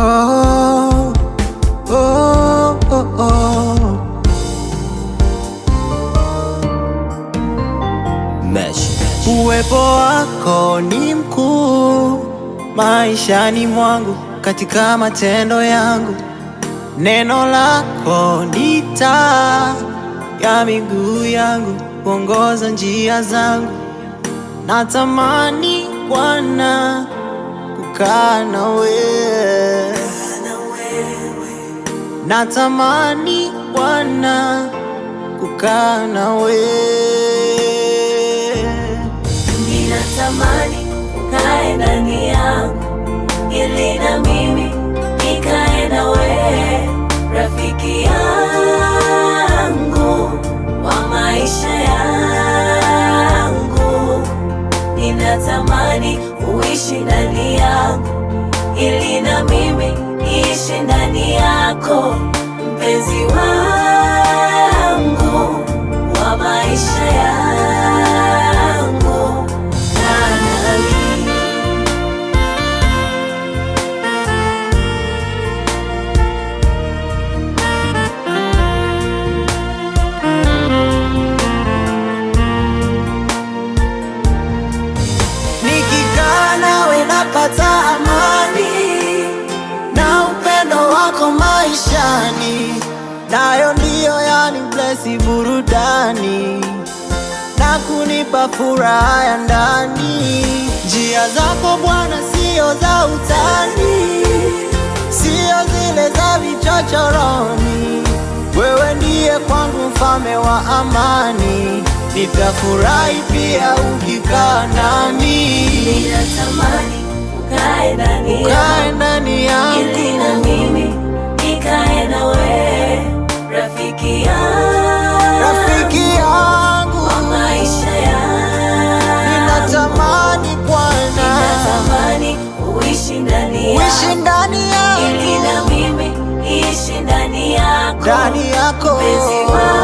oh, oh, oh, oh. Uwepo wako ni mkuu maishani mwangu, katika matendo yangu, neno lako ni taa ya miguu yangu, kuongoza njia zangu. Natamani Bwana kukaa nawe natamani Bwana kukaa nawe, ninatamani ukae ndani yangu ili na mimi nikae nawe, rafiki yangu wa maisha yangu, ninatamani uishi ndani yangu ili na mimi niishi ndani yako. napata amani na upendo wako maishani, nayo ndiyo yani blessi burudani na kunipa furaha ya ndani. Njia zako Bwana siyo za utani, siyo zile za vichochoroni. Wewe ndiye kwangu mfalme wa amani, nitafurahi pia ukikaa nami. ndani yako